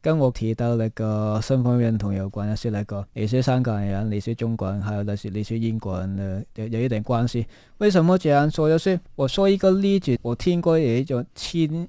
跟我提到那個身份認同有關，一些那個你是香港人、你是中國人，還有那些，你是英國人，有有一定關係。為什麼這樣說？就是，我說一個例子，我聽過有一種千。